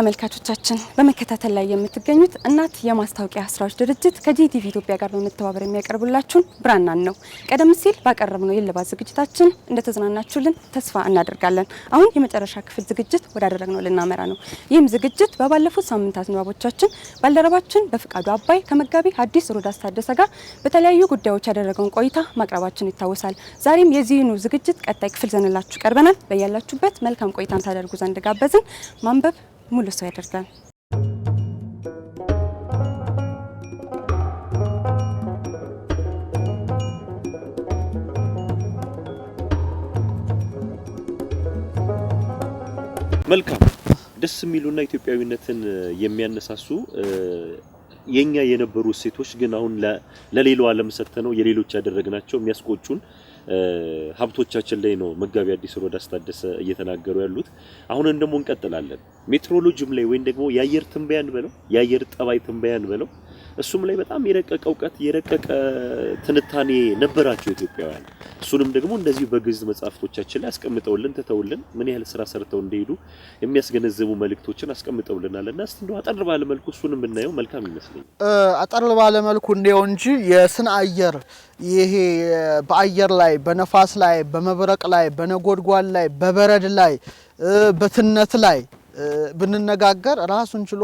ተመልካቾቻችን በመከታተል ላይ የምትገኙት እናት የማስታወቂያ ስራዎች ድርጅት ከጂቲቪ ኢትዮጵያ ጋር በመተባበር የሚያቀርብላችሁን ብራናን ነው። ቀደም ሲል ባቀረብነው የልባት ዝግጅታችን እንደተዝናናችሁልን ተስፋ እናደርጋለን። አሁን የመጨረሻ ክፍል ዝግጅት ወዳደረግነው ልናመራ ነው። ይህም ዝግጅት በባለፉት ሳምንታት ንባቦቻችን ባልደረባችን በፍቃዱ አባይ ከመጋቢ ሐዲስ ሮዳስ ታደሰ ጋር በተለያዩ ጉዳዮች ያደረገውን ቆይታ ማቅረባችን ይታወሳል። ዛሬም የዚህኑ ዝግጅት ቀጣይ ክፍል ዘንላችሁ ቀርበናል። በያላችሁበት መልካም ቆይታን ታደርጉ ዘንድ ጋበዝን። ማንበብ ሙሉ ሰው ያደርሳል መልካም ደስ የሚሉና ኢትዮጵያዊነትን የሚያነሳሱ የኛ የነበሩ እሴቶች ግን አሁን ለሌላው ዓለም ሰጥተነው የሌሎች ያደረግናቸው የሚያስቆጩን ሀብቶቻችን ላይ ነው መጋቢ አዲስ ሮዳስ ታደሰ እየተናገሩ ያሉት። አሁንን ደግሞ እንቀጥላለን። ሜትሮሎጂም ላይ ወይም ደግሞ የአየር ትንበያን በለው የአየር ጠባይ ትንበያን በለው እሱም ላይ በጣም የረቀቀ እውቀት የረቀቀ ትንታኔ ነበራቸው ኢትዮጵያውያን። እሱንም ደግሞ እንደዚሁ በግዕዝ መጽሐፍቶቻችን ላይ አስቀምጠውልን ትተውልን ምን ያህል ስራ ሰርተው እንደሄዱ የሚያስገነዝቡ መልእክቶችን አስቀምጠውልናል እና እስቲ እንደው አጠር ባለ መልኩ እሱንም ብናየው መልካም ይመስለኛል። አጠር ባለ መልኩ እንዲያው እንጂ የስነ አየር ይሄ በአየር ላይ በነፋስ ላይ በመብረቅ ላይ በነጎድጓድ ላይ በበረድ ላይ በትነት ላይ ብንነጋገር ራሱን ችሎ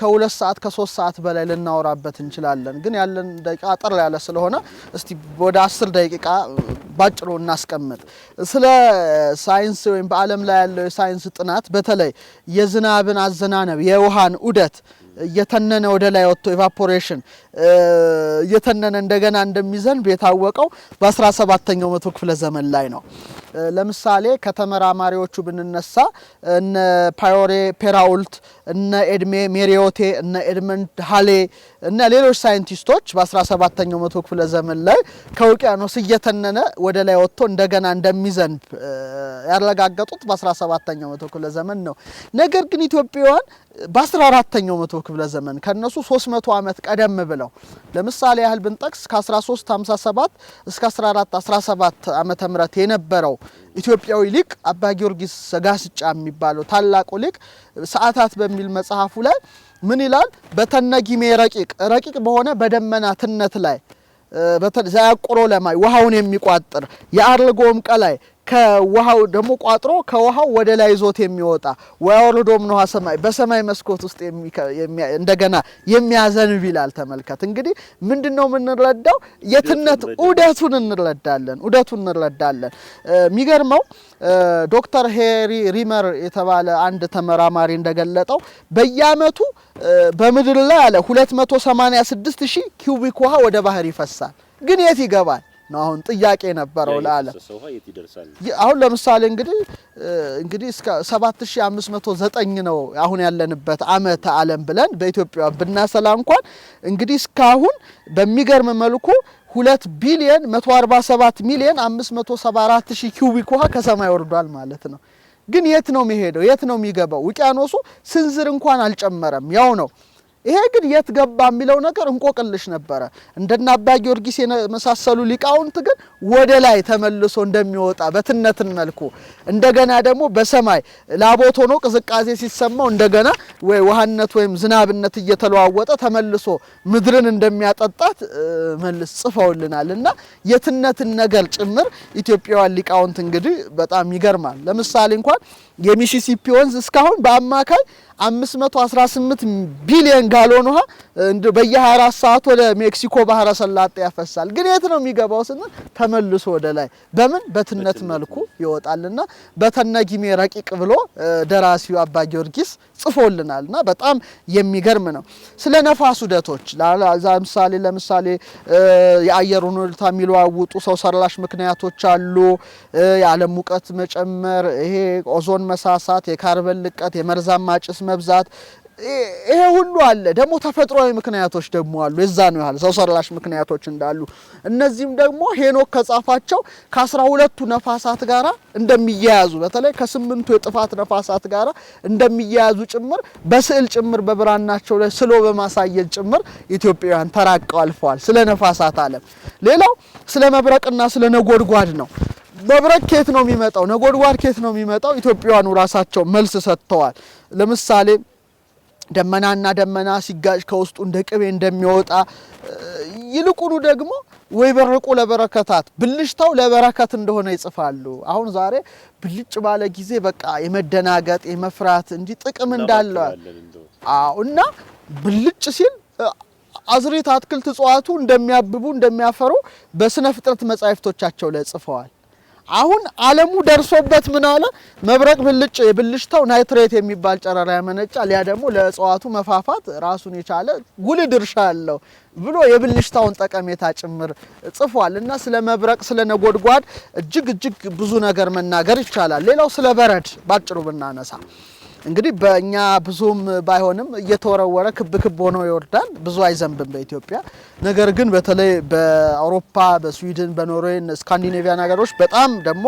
ከሁለት ሰዓት ከሶስት ሰዓት በላይ ልናወራበት እንችላለን። ግን ያለን ደቂቃ አጠር ያለ ስለሆነ እስቲ ወደ አስር ደቂቃ ባጭሩ እናስቀምጥ። ስለ ሳይንስ ወይም በዓለም ላይ ያለው የሳይንስ ጥናት በተለይ የዝናብን አዘናነብ፣ የውሃን ዑደት እየተነነ ወደ ላይ ወጥቶ ኤቫፖሬሽን እየተነነ እንደገና እንደሚዘንብ የታወቀው በ17ኛው መቶ ክፍለ ዘመን ላይ ነው። ለምሳሌ ከተመራማሪዎቹ ብንነሳ እነ ፓዮሬ ፔራውልት፣ እነ ኤድሜ ሜሪዮቴ፣ እነ ኤድመንድ ሃሌ እና ሌሎች ሳይንቲስቶች በ17ኛው መቶ ክፍለ ዘመን ላይ ከውቅያኖስ እየተነነ ወደ ላይ ወጥቶ እንደገና እንደሚዘንብ ያረጋገጡት በ17ኛው መቶ ክፍለ ዘመን ነው። ነገር ግን ኢትዮጵያውያን በ14ኛው መቶ ክፍለ ዘመን ከነሱ 300 ዓመት ቀደም ብለው ለምሳሌ ያህል ብንጠቅስ ከ1357 እስከ 1417 ዓመተ ምህረት የነበረው ኢትዮጵያዊ ሊቅ አባ ጊዮርጊስ ዘጋስጫ የሚባለው ታላቁ ሊቅ ሰዓታት በሚል መጽሐፉ ላይ ምን ይላል? በተነጊሜ ረቂቅ ረቂቅ በሆነ በደመና ትነት ላይ ዛያቁሮ ለማይ ውሃውን የሚቋጥር የአርልጎም ቀላይ ከውሃው ደግሞ ቋጥሮ ከውሃው ወደ ላይ ዞት የሚወጣ ወያወርዶም ንሃ ሰማይ በሰማይ መስኮት ውስጥ እንደገና የሚያዘንብ ይላል። ተመልከት እንግዲህ ምንድን ነው የምንረዳው? የትነት ዑደቱን እንረዳለን። ዑደቱን እንረዳለን። የሚገርመው ዶክተር ሄሪ ሪመር የተባለ አንድ ተመራማሪ እንደገለጠው በየአመቱ በምድር ላይ አለ 286 ሺህ ኪዩቢክ ውሃ ወደ ባህር ይፈሳል። ግን የት ይገባል? ነው አሁን ጥያቄ ነበረው ለዓለም። አሁን ለምሳሌ እንግዲህ እንግዲህ እስከ 7509 ነው አሁን ያለንበት አመት ዓለም ብለን በኢትዮጵያ ብናሰላ እንኳን እንግዲህ እስካሁን በሚገርም መልኩ 2 ቢሊዮን 147 ሚሊዮን 574 ሺህ ኪዩቢክ ውሃ ከሰማይ ወርዷል ማለት ነው። ግን የት ነው የሚሄደው? የት ነው የሚገባው? ውቅያኖሱ ስንዝር እንኳን አልጨመረም። ያው ነው ይሄ ግን የት ገባ የሚለው ነገር እንቆቅልሽ ነበረ። እንደና አባ ጊዮርጊስ የመሳሰሉ ሊቃውንት ግን ወደ ላይ ተመልሶ እንደሚወጣ በትነትን መልኩ እንደገና ደግሞ በሰማይ ላቦት ሆኖ ቅዝቃዜ ሲሰማው እንደገና ወይ ውሃነት ወይም ዝናብነት እየተለዋወጠ ተመልሶ ምድርን እንደሚያጠጣት መልስ ጽፈውልናል እና የትነትን ነገር ጭምር ኢትዮጵያውያን ሊቃውንት እንግዲህ በጣም ይገርማል። ለምሳሌ እንኳን የሚሲሲፒ ወንዝ እስካሁን በአማካይ 518 ቢሊዮን ጋሎን ውሃ በየ24 ሰዓት ወደ ሜክሲኮ ባህረ ሰላጤ ያፈሳል። ግን የት ነው የሚገባው ስንል ተመልሶ ወደ ላይ በምን በትነት መልኩ ይወጣልና በተነጊሜ ረቂቅ ብሎ ደራሲው አባ ጊዮርጊስ ጽፎልናልና በጣም የሚገርም ነው። ስለ ነፋስ ውደቶች ለምሳሌ ለምሳሌ የአየሩን ሁኔታ የሚለዋውጡ ሰው ሰራሽ ምክንያቶች አሉ። የዓለም ሙቀት መጨመር፣ ይሄ ኦዞን መሳሳት፣ የካርበን ልቀት፣ የመርዛማ ጭስ መብዛት ይሄ ሁሉ አለ። ደግሞ ተፈጥሯዊ ምክንያቶች ደግሞ አሉ። የዛ ነው ያህል ሰው ሰራሽ ምክንያቶች እንዳሉ እነዚህም ደግሞ ሄኖክ ከጻፋቸው ከአስራ ሁለቱ ነፋሳት ጋራ እንደሚያያዙ በተለይ ከስምንቱ የጥፋት ነፋሳት ጋራ እንደሚያያዙ ጭምር በስዕል ጭምር በብራናቸው ላይ ስሎ በማሳየት ጭምር ኢትዮጵያውያን ተራቀው አልፈዋል። ስለ ነፋሳት ዓለም ሌላው ስለ መብረቅና ስለ ነጎድጓድ ነው። መብረቅ ኬት ነው የሚመጣው? ነጎድጓድ ኬት ነው የሚመጣው? ኢትዮጵያውያኑ ራሳቸው መልስ ሰጥተዋል። ለምሳሌ ደመናና ደመና ሲጋጭ ከውስጡ እንደ ቅቤ እንደሚወጣ ይልቁኑ ደግሞ ወይ በርቁ ለበረከታት ብልጭታው ለበረከት እንደሆነ ይጽፋሉ። አሁን ዛሬ ብልጭ ባለ ጊዜ በቃ የመደናገጥ የመፍራት እንጂ ጥቅም እንዳለዋል። እና ብልጭ ሲል አዝሪት፣ አትክልት፣ እጽዋቱ እንደሚያብቡ እንደሚያፈሩ በስነ ፍጥረት መጻሕፍቶቻቸው ላይ ጽፈዋል። አሁን አለሙ ደርሶበት ምን አለ መብረቅ ብልጭ የብልሽታው ናይትሬት የሚባል ጨረራ ያመነጫል። ያ ደግሞ ለእጽዋቱ መፋፋት ራሱን የቻለ ጉል ድርሻ አለው ብሎ የብልሽታውን ጠቀሜታ ጭምር ጽፏል። እና ስለ መብረቅ፣ ስለ ነጎድጓድ እጅግ እጅግ ብዙ ነገር መናገር ይቻላል። ሌላው ስለ በረድ ባጭሩ ብናነሳ እንግዲህ በእኛ ብዙም ባይሆንም እየተወረወረ ክብ ክብ ሆኖ ይወርዳል። ብዙ አይዘንብም በኢትዮጵያ። ነገር ግን በተለይ በአውሮፓ፣ በስዊድን፣ በኖርዌይን ስካንዲኔቪያን ሀገሮች በጣም ደግሞ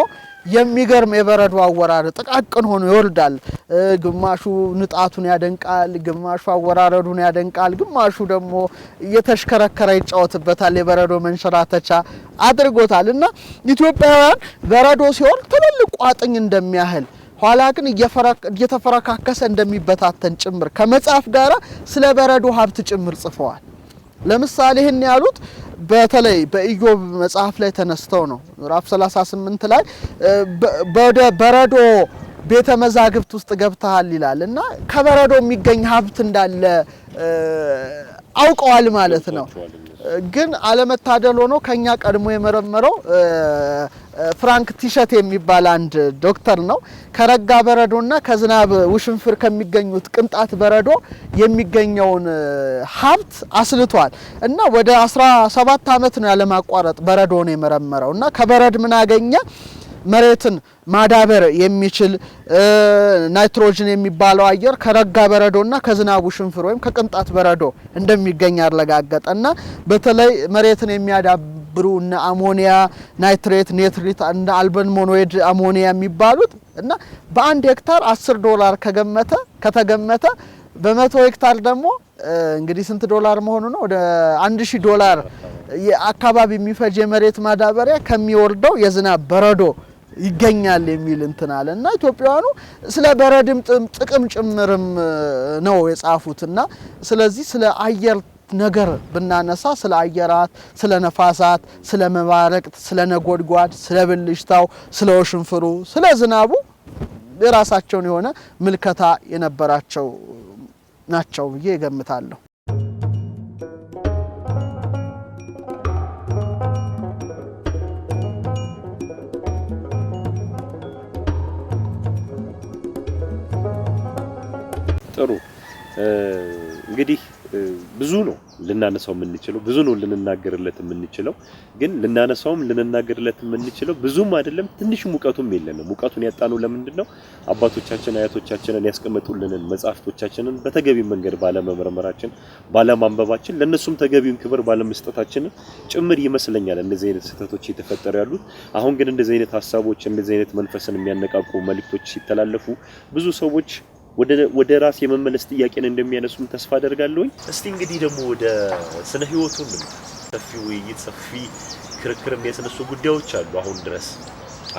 የሚገርም የበረዶ አወራረድ ጥቃቅን ሆኖ ይወርዳል። ግማሹ ንጣቱን ያደንቃል፣ ግማሹ አወራረዱን ያደንቃል፣ ግማሹ ደግሞ እየተሽከረከረ ይጫወትበታል። የበረዶ መንሸራተቻ አድርጎታል እና ኢትዮጵያውያን በረዶ ሲሆን ትልልቅ ቋጥኝ እንደሚያህል ኋላ ግን እየተፈረካከሰ እንደሚበታተን ጭምር ከመጽሐፍ ጋር ስለ በረዶ ሀብት ጭምር ጽፈዋል። ለምሳሌ ይህን ያሉት በተለይ በኢዮብ መጽሐፍ ላይ ተነስተው ነው። ምዕራፍ 38 ላይ ወደ በረዶ ቤተ መዛግብት ውስጥ ገብተሃል ይላል እና ከበረዶ የሚገኝ ሀብት እንዳለ አውቀዋል ማለት ነው። ግን አለመታደል ሆኖ ከኛ ቀድሞ የመረመረው ፍራንክ ቲሸት የሚባል አንድ ዶክተር ነው። ከረጋ በረዶና ከዝናብ ውሽንፍር ከሚገኙት ቅንጣት በረዶ የሚገኘውን ሀብት አስልቷል እና ወደ 17 ዓመት ነው ያለማቋረጥ በረዶን የመረመረው እና ከበረድ ምን አገኘ? መሬትን ማዳበር የሚችል ናይትሮጅን የሚባለው አየር ከረጋ በረዶና ከዝናቡ ሽንፍር ወይም ከቅንጣት በረዶ እንደሚገኝ አረጋገጠ እና በተለይ መሬትን የሚያዳብ የሚያዳብሩ እነ አሞኒያ ናይትሬት፣ ኔትሪት፣ እነ አልበን ሞኖይድ አሞኒያ የሚባሉት እና በአንድ ሄክታር አስር ዶላር ከገመተ ከተገመተ በመቶ ሄክታር ደግሞ እንግዲህ ስንት ዶላር መሆኑ ነው? ወደ አንድ ሺህ ዶላር አካባቢ የሚፈጅ የመሬት ማዳበሪያ ከሚወርደው የዝናብ በረዶ ይገኛል የሚል እንትን አለ እና ኢትዮጵያውያኑ ስለ በረድም ጥቅም ጭምርም ነው የጻፉት እና ስለዚህ ስለ አየር ነገር ብናነሳ ስለ አየራት፣ ስለ ነፋሳት፣ ስለ መባረቅት፣ ስለ ነጎድጓድ፣ ስለ ብልሽታው፣ ስለ ወሽንፍሩ፣ ስለ ዝናቡ የራሳቸውን የሆነ ምልከታ የነበራቸው ናቸው ብዬ እገምታለሁ። ጥሩ እንግዲህ ብዙ ነው ልናነሳው የምንችለው ብዙ ነው ልንናገርለት የምንችለው ግን ልናነሳውም ልንናገርለት የምንችለው ብዙም አይደለም ትንሽ ሙቀቱም የለንም ሙቀቱን ያጣነው ለምንድን ነው አባቶቻችን አያቶቻችንን ያስቀመጡልንን መጽሐፍቶቻችንን በተገቢ መንገድ ባለመመርመራችን ባለማንበባችን ለእነሱም ተገቢውን ክብር ባለመስጠታችን ጭምር ይመስለኛል እንደዚህ አይነት ስህተቶች እየተፈጠሩ ያሉት አሁን ግን እንደዚህ አይነት ሀሳቦች እንደዚህ አይነት መንፈስን የሚያነቃቁ መልእክቶች ሲተላለፉ ብዙ ሰዎች ወደ ራስ የመመለስ ጥያቄን እንደሚያነሱም ተስፋ አደርጋለሁኝ። እስቲ እንግዲህ ደግሞ ወደ ስነ ህይወቱ ሰፊ ውይይት፣ ሰፊ ክርክር የሚያስነሱ ጉዳዮች አሉ። አሁን ድረስ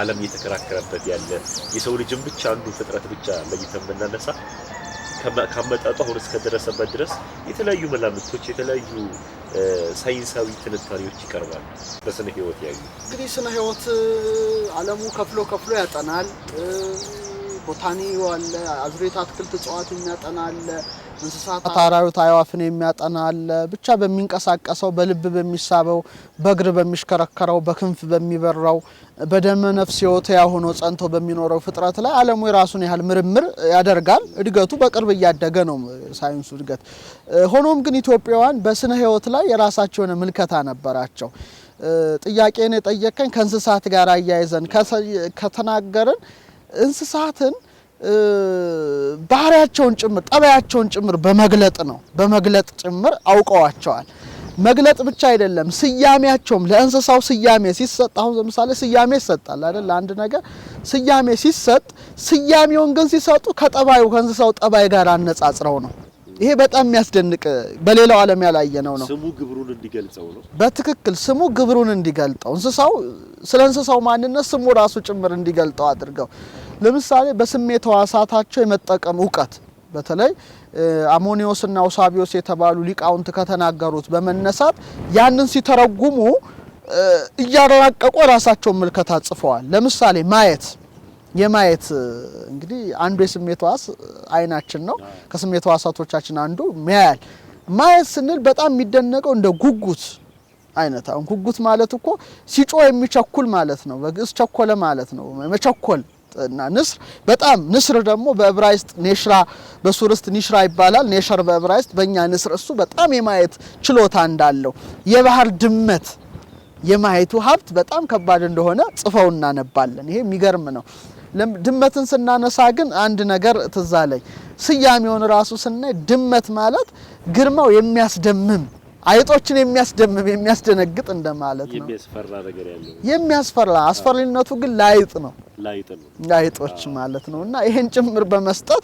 ዓለም እየተከራከረበት ያለ የሰው ልጅም ብቻ አንዱ ፍጥረት ብቻ ለይተን ብናነሳ ካመጣጡ አሁን እስከደረሰበት ድረስ የተለያዩ መላምቶች የተለያዩ ሳይንሳዊ ትንታኔዎች ይቀርባሉ። በስነ ህይወት ያዩ እንግዲህ ስነ ህይወት አለሙ ከፍሎ ከፍሎ ያጠናል ቦታኒዮ አለ፣ አዝሬት አትክልት እጽዋት የሚያጠና አለ፣ እንስሳት አራዊት አዕዋፍን የሚያጠና አለ። ብቻ በሚንቀሳቀሰው በልብ በሚሳበው በእግር በሚሽከረከረው በክንፍ በሚበራው በደመ ነፍስ ያ ሆኖ ጸንቶ በሚኖረው ፍጥረት ላይ ዓለሙ የራሱን ያህል ምርምር ያደርጋል። እድገቱ በቅርብ እያደገ ነው ሳይንሱ እድገት። ሆኖም ግን ኢትዮጵያውያን በስነ ህይወት ላይ የራሳቸው የሆነ ምልከታ ነበራቸው። ጥያቄን የጠየቀኝ ከእንስሳት ጋር አያይዘን ከተናገርን እንስሳትን ባህሪያቸውን ጭምር ጠባያቸውን ጭምር በመግለጥ ነው በመግለጥ ጭምር አውቀዋቸዋል። መግለጥ ብቻ አይደለም፣ ስያሜያቸውም ለእንስሳው ስያሜ ሲሰጥ አሁን ለምሳሌ ስያሜ ይሰጣል አይደል? ለአንድ ነገር ስያሜ ሲሰጥ ስያሜውን ግን ሲሰጡ ከጠባዩ ከእንስሳው ጠባይ ጋር አነጻጽረው ነው። ይሄ በጣም የሚያስደንቅ በሌላው ዓለም ያላየነው ነው። ስሙ ግብሩን እንዲገልጸው ነው። በትክክል ስሙ ግብሩን እንዲገልጠው እንስሳው ስለ እንስሳው ማንነት ስሙ ራሱ ጭምር እንዲገልጠው አድርገው ለምሳሌ በስሜት ሕዋሳታቸው የመጠቀም እውቀት በተለይ አሞኒዮስና ኦሳቢዮስ የተባሉ ሊቃውንት ከተናገሩት በመነሳት ያንን ሲተረጉሙ እያራቀቁ ራሳቸውን ምልከታ ጽፈዋል። ለምሳሌ ማየት የማየት እንግዲህ አንዱ የስሜት ሕዋስ አይናችን ነው። ከስሜት ሕዋሳቶቻችን አንዱ ሚያያል። ማየት ስንል በጣም የሚደነቀው እንደ ጉጉት አይነት አሁን ጉጉት ማለት እኮ ሲጮ የሚቸኩል ማለት ነው። በግዕዝ ቸኮለ ማለት ነው፣ መቸኮል እና ንስር በጣም ንስር ደግሞ በዕብራይስጥ ኔሽራ በሱርስት ኒሽራ ይባላል። ኔሸር በዕብራይስጥ በእኛ ንስር። እሱ በጣም የማየት ችሎታ እንዳለው የባህር ድመት የማየቱ ሀብት በጣም ከባድ እንደሆነ ጽፈው እናነባለን። ይሄ የሚገርም ነው። ድመትን ስናነሳ ግን አንድ ነገር ትዛለኝ። ስያሜውን ራሱ ስናይ ድመት ማለት ግርማው የሚያስደምም አይጦችን የሚያስደምም የሚያስደነግጥ እንደማለት ነው። የሚያስፈራ አስፈሪነቱ ግን ላይጥ ነው ላይጦች ማለት ነው። እና ይሄን ጭምር በመስጠት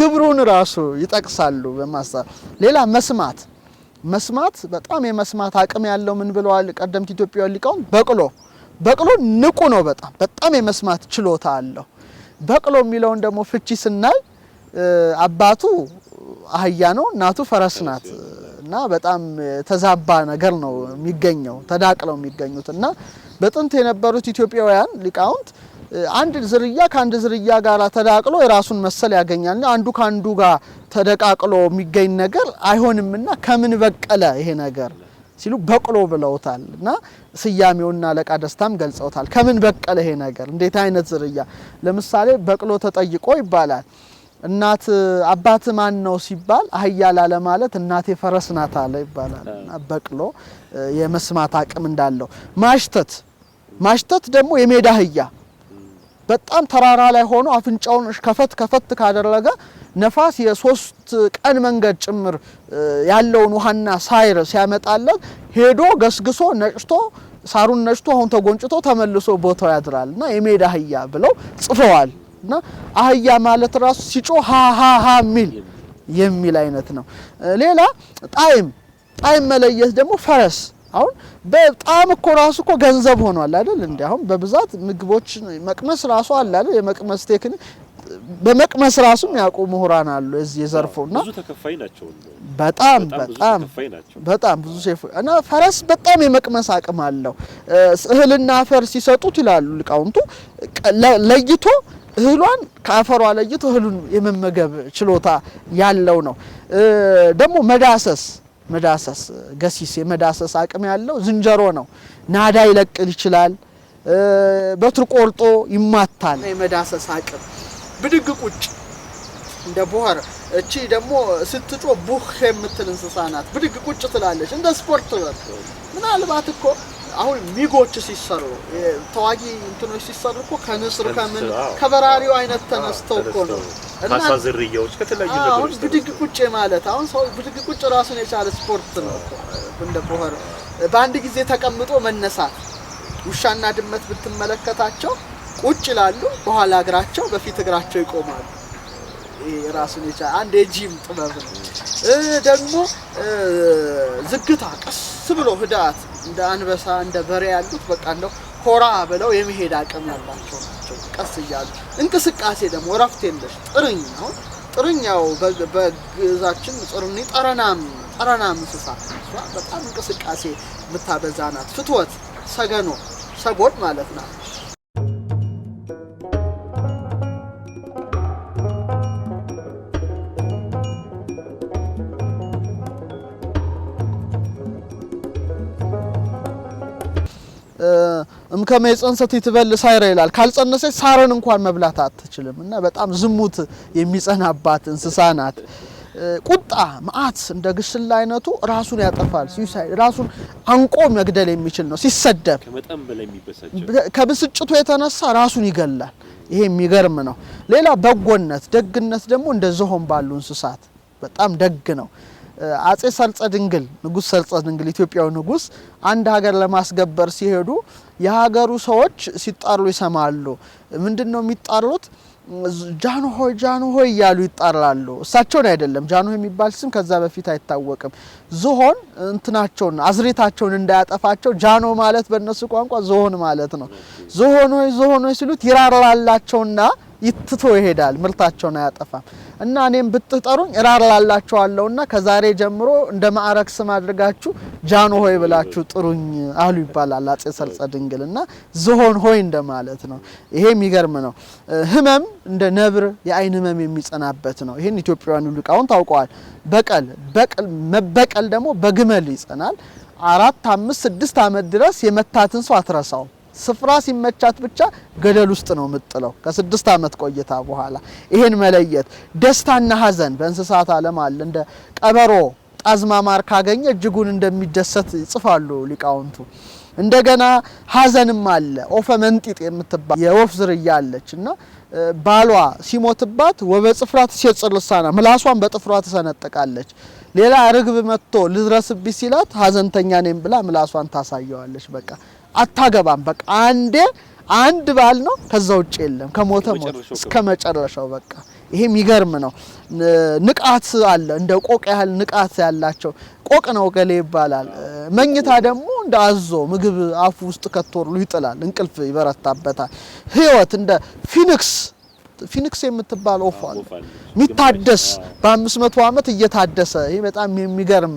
ግብሩን ራሱ ይጠቅሳሉ። በማሳ ሌላ መስማት መስማት በጣም የመስማት አቅም ያለው ምን ብለዋል ቀደምት ኢትዮጵያዊ ሊቃውንት? በቅሎ በቅሎ ንቁ ነው። በጣም በጣም የመስማት ችሎታ አለው። በቅሎ የሚለውን ደግሞ ፍቺ ስናይ አባቱ አህያ ነው፣ እናቱ ፈረስ ናት። እና በጣም ተዛባ ነገር ነው የሚገኘው ተዳቅለው የሚገኙት እና በጥንት የነበሩት ኢትዮጵያውያን ሊቃውንት አንድ ዝርያ ከአንድ ዝርያ ጋር ተዳቅሎ የራሱን መሰል ያገኛል። አንዱ ከአንዱ ጋር ተደቃቅሎ የሚገኝ ነገር አይሆንምና ከምን በቀለ ይሄ ነገር ሲሉ በቅሎ ብለውታል እና ስያሜውና አለቃ ደስታም ገልጸውታል። ከምን በቀለ ይሄ ነገር እንዴት አይነት ዝርያ ለምሳሌ በቅሎ ተጠይቆ ይባላል። እናት አባት ማን ነው ሲባል አህያ ላለ ማለት እናቴ ፈረስ ናት አለ ይባላል። በቅሎ የመስማት አቅም እንዳለው ማሽተት ማሽተት ደግሞ የሜዳ አህያ በጣም ተራራ ላይ ሆኖ አፍንጫውን ከፈት ከፈት ካደረገ ነፋስ የሶስት ቀን መንገድ ጭምር ያለውን ውሃና ሳይር ሲያመጣለት ሄዶ ገስግሶ ነጭቶ ሳሩን ነጭቶ አሁን ተጎንጭቶ ተመልሶ ቦታው ያድራል እና የሜዳ አህያ ብለው ጽፈዋል። እና አህያ ማለት ራሱ ሲጮህ ሃሃሃ ሚል የሚል አይነት ነው። ሌላ ጣይም ጣይም መለየት ደግሞ ፈረስ አሁን በጣም እኮ ራሱ እኮ ገንዘብ ሆኗል አይደል? እንዲ አሁን በብዛት ምግቦች መቅመስ ራሱ አለ አይደል? የመቅመስ ቴክኒክ በመቅመስ ራሱ የሚያውቁ ምሁራን አሉ እዚህ የዘርፉ እና ብዙ ተከፋይ ናቸው። በጣም በጣም በጣም ብዙ ሼፍ እና ፈረስ በጣም የመቅመስ አቅም አለው። እህልና አፈር ሲሰጡት ይላሉ ሊቃውንቱ ለይቶ እህሏን ከአፈሯ ለይቶ እህሉን የመመገብ ችሎታ ያለው ነው። ደግሞ መዳሰስ መዳሰስ ገሲስ የመዳሰስ አቅም ያለው ዝንጀሮ ነው። ናዳ ይለቅል ይችላል። በትር ቆርጦ ይማታል። የመዳሰስ አቅም ብድግ ቁጭ እንደ ቦኸር እቺ ደግሞ ስትጮ ቡህ የምትል እንስሳ ናት። ብድግ ቁጭ ትላለች። እንደ ስፖርት ምናልባት እኮ አሁን ሚጎች ሲሰሩ ተዋጊ እንትኖች ሲሰሩ እኮ ከንስር ከምን ከበራሪው አይነት ተነስተው እኮ ነው። እና ዝርያዎች ከተለያዩ ነገሮች ብድግ ቁጭ ማለት አሁን ሰው ብድግ ቁጭ ራሱን የቻለ ስፖርት ነው እኮ እንደ ቦኸር በአንድ ጊዜ ተቀምጦ መነሳት። ውሻና ድመት ብትመለከታቸው ቁጭ ይላሉ፣ በኋላ እግራቸው፣ በፊት እግራቸው ይቆማሉ። ራሱን የቻ አንድ የጂም ጥበብ ነው። ደግሞ ዝግታ፣ ቀስ ብሎ ህዳት እንደ አንበሳ እንደ በሬ ያሉት በቃ እንደው ኮራ ብለው የመሄድ አቅም ያላቸው ናቸው። ቀስ እያሉ እንቅስቃሴ ደግሞ እረፍት የለሽ ጥርኝ አሁን ጥርኛው በግዛችን ጥሩኒ ጠረናም ጠረናም እንስሳ በጣም እንቅስቃሴ የምታበዛ ናት። ፍትወት ሰገኖ ሰጎን ማለት ናት። እምከመ የጸንሰት ይትበል ሳይረ ይላል። ካልጸነሰች ሳርን እንኳን መብላት አትችልም እና በጣም ዝሙት የሚጸናባት እንስሳ ናት። ቁጣ፣ መዓት እንደ ግስል አይነቱ ራሱን ያጠፋል። ሲዩሳይድ ራሱን አንቆ መግደል የሚችል ነው። ሲሰደብ ከብስጭቱ የተነሳ ራሱን ይገላል። ይሄ የሚገርም ነው። ሌላ በጎነት፣ ደግነት ደግሞ እንደ ዝሆን ባሉ እንስሳት በጣም ደግ ነው። አጼ ሰርጸ ድንግል ንጉስ ሰርጸ ድንግል ኢትዮጵያዊ ንጉስ አንድ ሀገር ለማስገበር ሲሄዱ የሀገሩ ሰዎች ሲጣሉ ይሰማሉ። ምንድን ነው የሚጣሉት? ጃን ሆይ ጃን ሆይ እያሉ ይጣላሉ። እሳቸውን አይደለም፣ ጃን የሚባል ስም ከዛ በፊት አይታወቅም። ዝሆን እንትናቸውን አዝሬታቸውን እንዳያጠፋቸው ጃኖ ማለት በእነሱ ቋንቋ ዝሆን ማለት ነው። ዝሆን ሆይ ዝሆን ሆይ ሲሉት ይራራላቸውና ይትቶ ይሄዳል፣ ምርታቸውን አያጠፋም። እና እኔም ብትጠሩኝ እራራላችኋለሁ እና ከዛሬ ጀምሮ እንደ ማዕረግ ስም አድርጋችሁ ጃኖ ሆይ ብላችሁ ጥሩኝ አሉ ይባላል። አጼ ሰርጸ ድንግል እና ዝሆን ሆይ እንደማለት ነው። ይሄ የሚገርም ነው። ህመም እንደ ነብር የአይን ህመም የሚጸናበት ነው። ይህን ኢትዮጵያውያን ሊቃውንት ታውቀዋል። በቀል በቀል መበቀል ደግሞ በግመል ይጸናል። አራት አምስት ስድስት አመት ድረስ የመታትን ሰው አትረሳውም። ስፍራ ሲመቻት ብቻ ገደል ውስጥ ነው የምጥለው። ከስድስት ዓመት ቆይታ በኋላ ይሄን መለየት ደስታና ሐዘን በእንስሳት ዓለም አለ። እንደ ቀበሮ ጣዝማ ማር ካገኘ እጅጉን እንደሚደሰት ይጽፋሉ ሊቃውንቱ። እንደገና ሐዘንም አለ። ኦፈ መንጢጥ የምትባል የወፍ ዝርያ አለች እና ባሏ ሲሞትባት ወበጽፍራ ትሴጽር ልሳና ምላሷን በጥፍሯ ትሰነጥቃለች። ሌላ ርግብ መጥቶ ልድረስብ ሲላት ሐዘንተኛ ነኝ ብላ ምላሷን ታሳየዋለች። በቃ አታገባም። በቃ አንዴ አንድ ባል ነው፣ ከዛ ውጭ የለም። ከሞተ ሞት እስከ መጨረሻው በቃ። ይሄ የሚገርም ነው። ንቃት አለ፣ እንደ ቆቅ ያህል ንቃት ያላቸው ቆቅ ነው ገሌ ይባላል። መኝታ ደግሞ እንደ አዞ ምግብ አፉ ውስጥ ከቶርሉ ይጥላል፣ እንቅልፍ ይበረታበታል። ህይወት እንደ ፊኒክስ ፊኒክስ የምትባል ወፍ አለ የሚታደስ በአምስት መቶ ዓመት እየታደሰ ይህ በጣም የሚገርም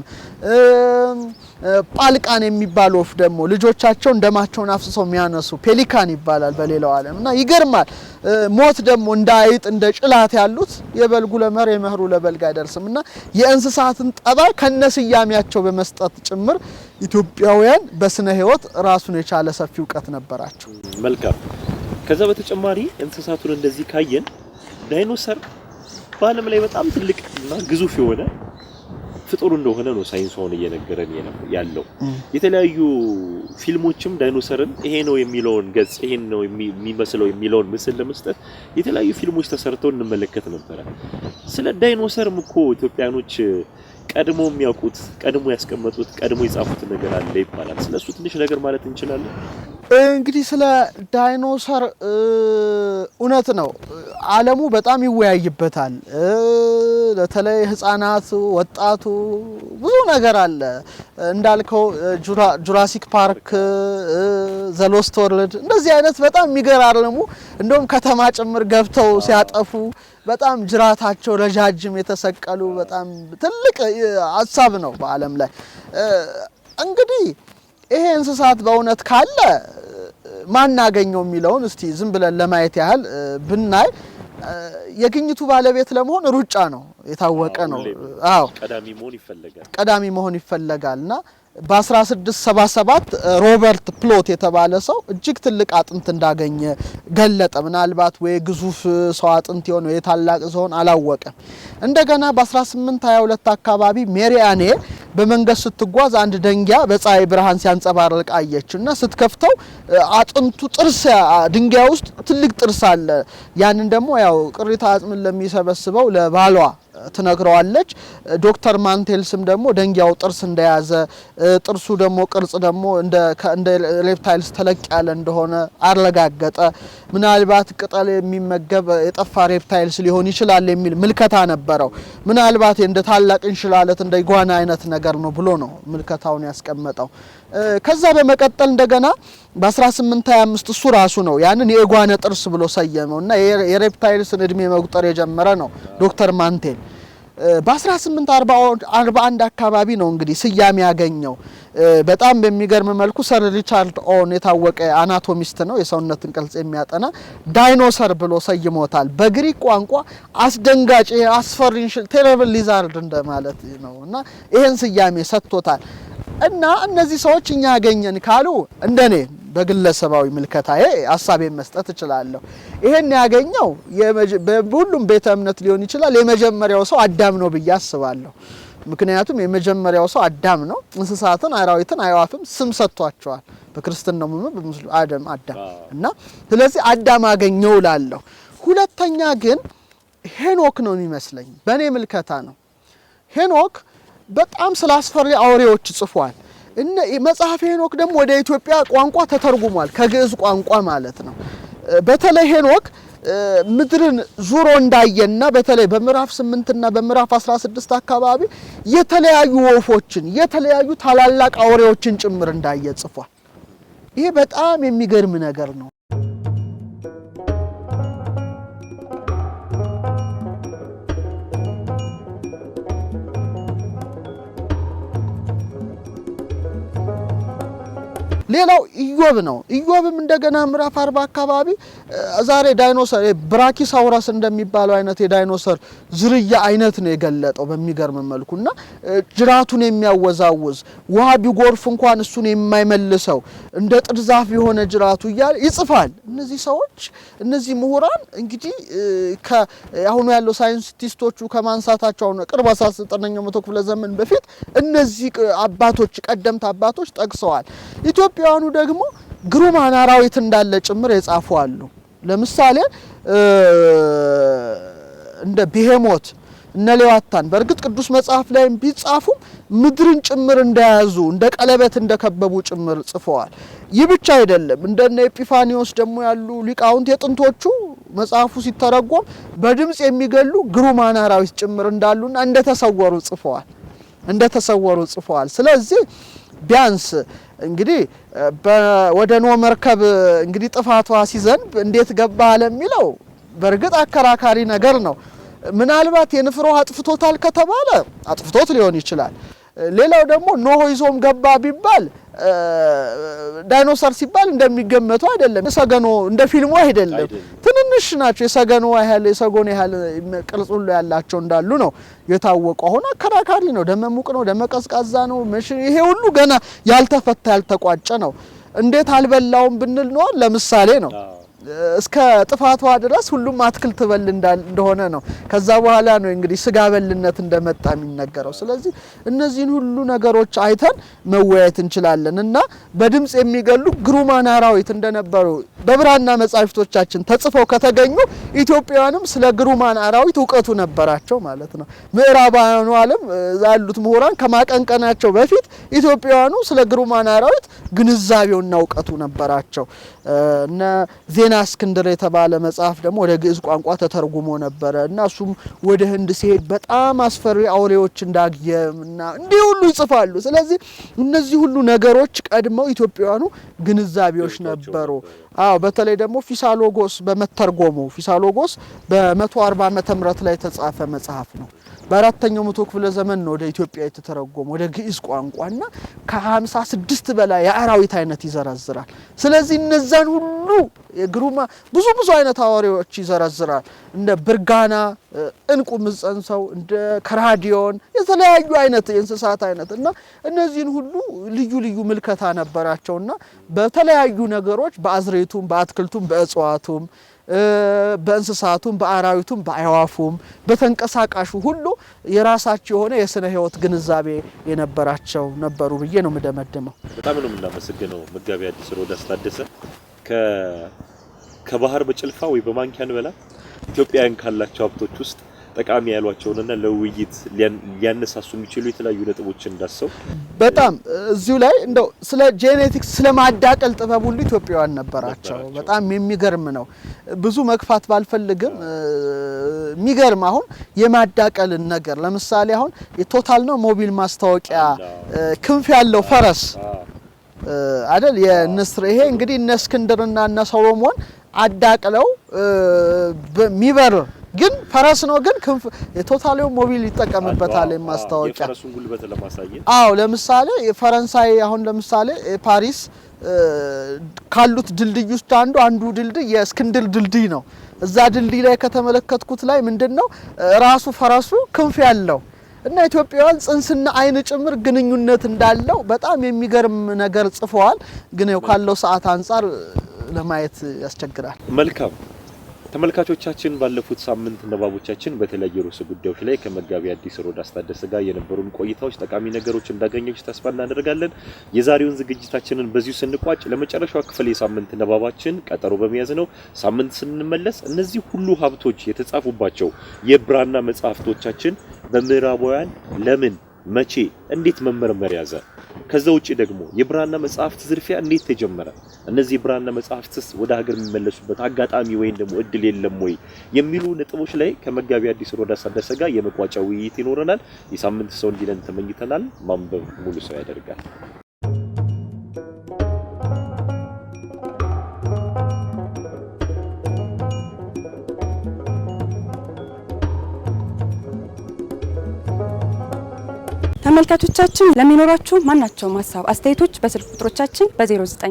ጳልቃን የሚባል ወፍ ደግሞ ልጆቻቸውን ደማቸውን አፍስሰው የሚያነሱ ፔሊካን ይባላል በሌላው ዓለም እና ይገርማል። ሞት ደግሞ እንደ አይጥ እንደ ጭላት ያሉት የበልጉ ለመር የመህሩ ለበልግ አይደርስም እና የእንስሳትን ጠባይ ከነስያሜያቸው በመስጠት ጭምር ኢትዮጵያውያን በስነ ህይወት ራሱን የቻለ ሰፊ እውቀት ነበራቸው። መልካም ከዛ በተጨማሪ እንስሳቱን እንደዚህ ካየን ዳይኖሰር በዓለም ላይ በጣም ትልቅ እና ግዙፍ የሆነ ፍጡር እንደሆነ ነው ሳይንስ አሁን እየነገረን ያለው። የተለያዩ ፊልሞችም ዳይኖሰርን ይሄ ነው የሚለውን ገጽ ይሄን ነው የሚመስለው የሚለውን ምስል ለመስጠት የተለያዩ ፊልሞች ተሰርተው እንመለከት ነበረ። ስለ ዳይኖሰርም እኮ ኢትዮጵያኖች ቀድሞ የሚያውቁት ቀድሞ ያስቀመጡት ቀድሞ የጻፉት ነገር አለ ይባላል። ስለሱ ትንሽ ነገር ማለት እንችላለን። እንግዲህ ስለ ዳይኖሰር እውነት ነው፣ ዓለሙ በጣም ይወያይበታል። በተለይ ህጻናቱ፣ ወጣቱ ብዙ ነገር አለ እንዳልከው ጁራሲክ ፓርክ፣ ዘሎስት ወርልድ እንደዚህ አይነት በጣም የሚገራርሙ እንደውም ከተማ ጭምር ገብተው ሲያጠፉ በጣም ጅራታቸው ረጃጅም የተሰቀሉ በጣም ትልቅ ሀሳብ ነው በዓለም ላይ እንግዲህ ይሄ እንስሳት በእውነት ካለ ማናገኘው የሚለውን እስቲ ዝም ብለን ለማየት ያህል ብናይ የግኝቱ ባለቤት ለመሆን ሩጫ ነው፣ የታወቀ ነው። አዎ ቀዳሚ መሆን ይፈለጋል እና በ1677 ሮበርት ፕሎት የተባለ ሰው እጅግ ትልቅ አጥንት እንዳገኘ ገለጠ። ምናልባት ወይ ግዙፍ ሰው አጥንት የሆነ ታላቅ ሰውን አላወቀም። እንደገና በ1822 አካባቢ ሜሪያኔ በመንገድ ስትጓዝ አንድ ደንጊያ በፀሐይ ብርሃን ሲያንጸባርቅ አየች እና ስትከፍተው አጥንቱ ጥርስ ድንጋይ ውስጥ ትልቅ ጥርስ አለ። ያንን ደግሞ ያው ቅሪታ አጽምን ለሚሰበስበው ለባሏ ትነግረዋለች። ዶክተር ማንቴልስም ደግሞ ደንጊያው ጥርስ እንደያዘ ጥርሱ ደግሞ ቅርጽ ደግሞ እንደ ሬፕታይልስ ተለቅ ያለ እንደሆነ አረጋገጠ። ምናልባት ቅጠል የሚመገብ የጠፋ ሬፕታይልስ ሊሆን ይችላል የሚል ምልከታ ነበረው። ምናልባት እንደ ታላቅ እንሽላለት እንደ ጓና አይነት ነገር ነው ብሎ ነው ምልከታውን ያስቀመጠው። ከዛ በመቀጠል እንደገና በ1825 እሱ ራሱ ነው ያንን የእጓነ ጥርስ ብሎ ሰየመው እና የሬፕታይልስን እድሜ መቁጠር የጀመረ ነው ዶክተር ማንቴል። በ1841 አካባቢ ነው እንግዲህ ስያሜ ያገኘው። በጣም በሚገርም መልኩ ሰር ሪቻርድ ኦን የታወቀ አናቶሚስት ነው፣ የሰውነትን ቅርጽ የሚያጠና ዳይኖሰር ብሎ ሰይሞታል። በግሪክ ቋንቋ አስደንጋጭ አስፈሪ ቴረብል ሊዛርድ እንደማለት ነው እና ይህን ስያሜ ሰጥቶታል። እና እነዚህ ሰዎች እኛ ያገኘን ካሉ እንደኔ በግለሰባዊ ምልከታዬ ሀሳቤን መስጠት እችላለሁ። ይሄን ያገኘው በሁሉም ቤተ እምነት ሊሆን ይችላል። የመጀመሪያው ሰው አዳም ነው ብዬ አስባለሁ። ምክንያቱም የመጀመሪያው ሰው አዳም ነው። እንስሳትን፣ አራዊትን፣ አዕዋፍም ስም ሰጥቷቸዋል። በክርስትናው በሙስሊም አደም አዳም እና ስለዚህ አዳም አገኘው ላለሁ። ሁለተኛ ግን ሄኖክ ነው የሚመስለኝ በእኔ ምልከታ ነው ሄኖክ በጣም ስለ አስፈሪ አውሬዎች ጽፏል። እነ መጽሐፍ ሄኖክ ደግሞ ወደ ኢትዮጵያ ቋንቋ ተተርጉሟል፣ ከግዕዝ ቋንቋ ማለት ነው። በተለይ ሄኖክ ምድርን ዙሮ እንዳየና በተለይ በምዕራፍ 8 እና በምዕራፍ 16 አካባቢ የተለያዩ ወፎችን የተለያዩ ታላላቅ አውሬዎችን ጭምር እንዳየ ጽፏል። ይሄ በጣም የሚገርም ነገር ነው። ሌላው ኢዮብ ነው። ኢዮብም እንደገና ምዕራፍ አርባ አካባቢ ዛሬ ዳይኖሰር ብራኪሳውራስ እንደሚባለው አይነት የዳይኖሰር ዝርያ አይነት ነው የገለጠው በሚገርም መልኩ እና ጅራቱን የሚያወዛውዝ ውሃ ቢጎርፍ እንኳን እሱን የማይመልሰው እንደ ጥድ ዛፍ የሆነ ጅራቱ እያለ ይጽፋል። እነዚህ ሰዎች እነዚህ ምሁራን እንግዲህ አሁኑ ያለው ሳይንቲስቶቹ ከማንሳታቸው አሁን ቅርብ 19ኛው መቶ ክፍለ ዘመን በፊት እነዚህ አባቶች ቀደምት አባቶች ጠቅሰዋል ኢትዮጵያ ኢትዮጵያውያኑ ደግሞ ግሩማን አራዊት እንዳለ ጭምር የጻፉ አሉ። ለምሳሌ እንደ ቢሄሞት እነ ሌዋታን በእርግጥ ቅዱስ መጽሐፍ ላይም ቢጻፉም ምድርን ጭምር እንደያዙ እንደ ቀለበት እንደከበቡ ጭምር ጽፈዋል። ይህ ብቻ አይደለም። እንደነ ኤጲፋኒዎስ ደግሞ ያሉ ሊቃውንት የጥንቶቹ መጽሐፉ ሲተረጎም በድምፅ የሚገሉ ግሩማን አራዊት ጭምር እንዳሉና እንደተሰወሩ ጽፈዋል እንደተሰወሩ ጽፈዋል። ስለዚህ ቢያንስ እንግዲህ ወደ ኖ መርከብ እንግዲህ ጥፋቷ ሲዘንብ እንዴት ገባህ ለሚለው በእርግጥ አከራካሪ ነገር ነው። ምናልባት የንፍሮ አጥፍቶታል ከተባለ አጥፍቶት ሊሆን ይችላል። ሌላው ደግሞ ኖ ይዞም ገባ ቢባል ዳይኖሰር ሲባል እንደሚገመቱ አይደለም፣ ሰገኖ እንደ ፊልሙ አይደለም። ትንንሽ ናቸው። የሰገኑ ያህል የሰጎን ያህል ቅርጽ ሁሉ ያላቸው እንዳሉ ነው የታወቁ። አሁን አከራካሪ ነው። ደመሙቅ ነው፣ ደመቀዝቃዛ ነው። ይሄ ሁሉ ገና ያልተፈታ ያልተቋጨ ነው። እንዴት አልበላውም ብንል ነው ለምሳሌ ነው እስከ ጥፋቷ ድረስ ሁሉም አትክልት በል እንደሆነ ነው። ከዛ በኋላ ነው እንግዲህ ስጋ በልነት እንደመጣ የሚነገረው። ስለዚህ እነዚህን ሁሉ ነገሮች አይተን መወያየት እንችላለን እና በድምፅ የሚገሉ ግሩማን አራዊት እንደነበሩ በብራና መጻሕፍቶቻችን ተጽፈው ከተገኙ ኢትዮጵያውያንም ስለ ግሩማን አራዊት እውቀቱ ነበራቸው ማለት ነው። ምዕራባውያኑ ዓለም ያሉት ምሁራን ከማቀንቀናቸው በፊት ኢትዮጵያውያኑ ስለ ግሩማን አራዊት ግንዛቤውና እውቀቱ ነበራቸው። እነ ዜና እስክንድር የተባለ መጽሐፍ ደግሞ ወደ ግዕዝ ቋንቋ ተተርጉሞ ነበረ እና እሱም ወደ ህንድ ሲሄድ በጣም አስፈሪ አውሬዎች እንዳግየም እና እንዲህ ሁሉ ይጽፋሉ። ስለዚህ እነዚህ ሁሉ ነገሮች ቀድመው ኢትዮጵያውያኑ ግንዛቤዎች ነበሩ። አዎ በተለይ ደግሞ ፊሳሎጎስ በመተርጎሙ ፊሳሎጎስ በ140 ዓመተ ምህረት ላይ የተጻፈ መጽሐፍ ነው። በአራተኛው መቶ ክፍለ ዘመን ነው ወደ ኢትዮጵያ የተተረጎመ ወደ ግዕዝ ቋንቋና ከሀምሳ ስድስት በላይ የአራዊት አይነት ይዘረዝራል። ስለዚህ እነዛን ሁሉ የግሩማ ብዙ ብዙ አይነት አዋሪዎች ይዘረዝራል። እንደ ብርጋና፣ እንቁ ምጸንሰው፣ እንደ ከራዲዮን የተለያዩ አይነት የእንስሳት አይነት እና እነዚህን ሁሉ ልዩ ልዩ ምልከታ ነበራቸውና በተለያዩ ነገሮች በአዝሬቱም፣ በአትክልቱም፣ በእጽዋቱም በእንስሳቱም በአራዊቱም በአዕዋፉም በተንቀሳቃሹ ሁሉ የራሳቸው የሆነ የስነ ህይወት ግንዛቤ የነበራቸው ነበሩ ብዬ ነው የምደመድመው። በጣም ነው የምናመሰግነው መጋቢ አዲስ ሮዳስ ታደሰ። ከባህር በጭልፋ ወይ በማንኪያ በላ ኢትዮጵያውያን ካላቸው ሀብቶች ውስጥ ጠቃሚ ያሏቸውንና ለውይይት ሊያነሳሱ የሚችሉ የተለያዩ ነጥቦችን እንዳሰው በጣም እዚሁ ላይ እንደው ስለ ጄኔቲክስ ስለ ማዳቀል ጥበብ ሁሉ ኢትዮጵያውያን ነበራቸው። በጣም የሚገርም ነው። ብዙ መግፋት ባልፈልግም የሚገርም አሁን የማዳቀልን ነገር ለምሳሌ አሁን የቶታል ነው ሞቢል ማስታወቂያ ክንፍ ያለው ፈረስ አይደል የንስር ይሄ እንግዲህ እነ እስክንድርና እነ ሰሎሞን አዳቅለው የሚበርር ግን ፈረስ ነው። ግን ክንፍ የቶታሌው ሞቢል ይጠቀምበታል። ማስታወቂያ አዎ፣ ለምሳሌ ፈረንሳይ አሁን ለምሳሌ ፓሪስ ካሉት ድልድይ ውስጥ አንዱ አንዱ ድልድይ የእስክንድር ድልድይ ነው። እዛ ድልድይ ላይ ከተመለከትኩት ላይ ምንድን ነው ራሱ ፈረሱ ክንፍ ያለው እና ኢትዮጵያውያን ጽንስና አይን ጭምር ግንኙነት እንዳለው በጣም የሚገርም ነገር ጽፈዋል። ግን ያው ካለው ሰዓት አንጻር ለማየት ያስቸግራል። መልካም ተመልካቾቻችን ባለፉት ሳምንት ንባቦቻችን በተለያዩ ርዕሰ ጉዳዮች ላይ ከመጋቢ አዲስ ሮዳስ ታደሰ ጋር የነበሩን ቆይታዎች ጠቃሚ ነገሮች እንዳገኘች ተስፋ እናደርጋለን። የዛሬውን ዝግጅታችንን በዚሁ ስንቋጭ ለመጨረሻው ክፍል የሳምንት ንባባችን ቀጠሮ በመያዝ ነው። ሳምንት ስንመለስ እነዚህ ሁሉ ሀብቶች የተጻፉባቸው የብራና መጽሐፍቶቻችን በምዕራባውያን ለምን፣ መቼ፣ እንዴት መመርመር ያዘ ከዛ ውጪ ደግሞ የብራና መጽሐፍት ዝርፊያ እንዴት ተጀመረ? እነዚህ የብራና መጽሐፍትስ ወደ ሀገር የሚመለሱበት አጋጣሚ ወይም ደግሞ እድል የለም ወይ የሚሉ ነጥቦች ላይ ከመጋቢ አዲስ ሮዳስ አደሰ ጋር የመቋጫ ውይይት ይኖረናል። የሳምንት ሰው እንዲለን ተመኝተናል። ማንበብ ሙሉ ሰው ያደርጋል። ተመልካቾቻችን ለሚኖራችሁ ማናቸውም ሀሳብ አስተያየቶች በስልክ ቁጥሮቻችን በ0920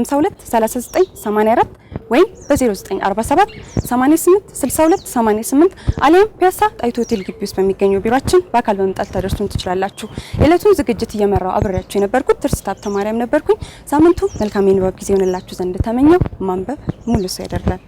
52 39 84 ወይም በ0947 88 62 88 አሊያም ፒያሳ ጣይቱ ሆቴል ግቢ ውስጥ በሚገኘው ቢሮችን በአካል በመምጣት ታደርሱን ትችላላችሁ። የዕለቱን ዝግጅት እየመራው አብሬያችሁ የነበርኩት ትርስታብ ተማሪያም ነበርኩኝ። ሳምንቱ መልካም የንባብ ጊዜ የሆነላችሁ ዘንድ ተመኘው። ማንበብ ሙሉ ሰው ያደርጋል።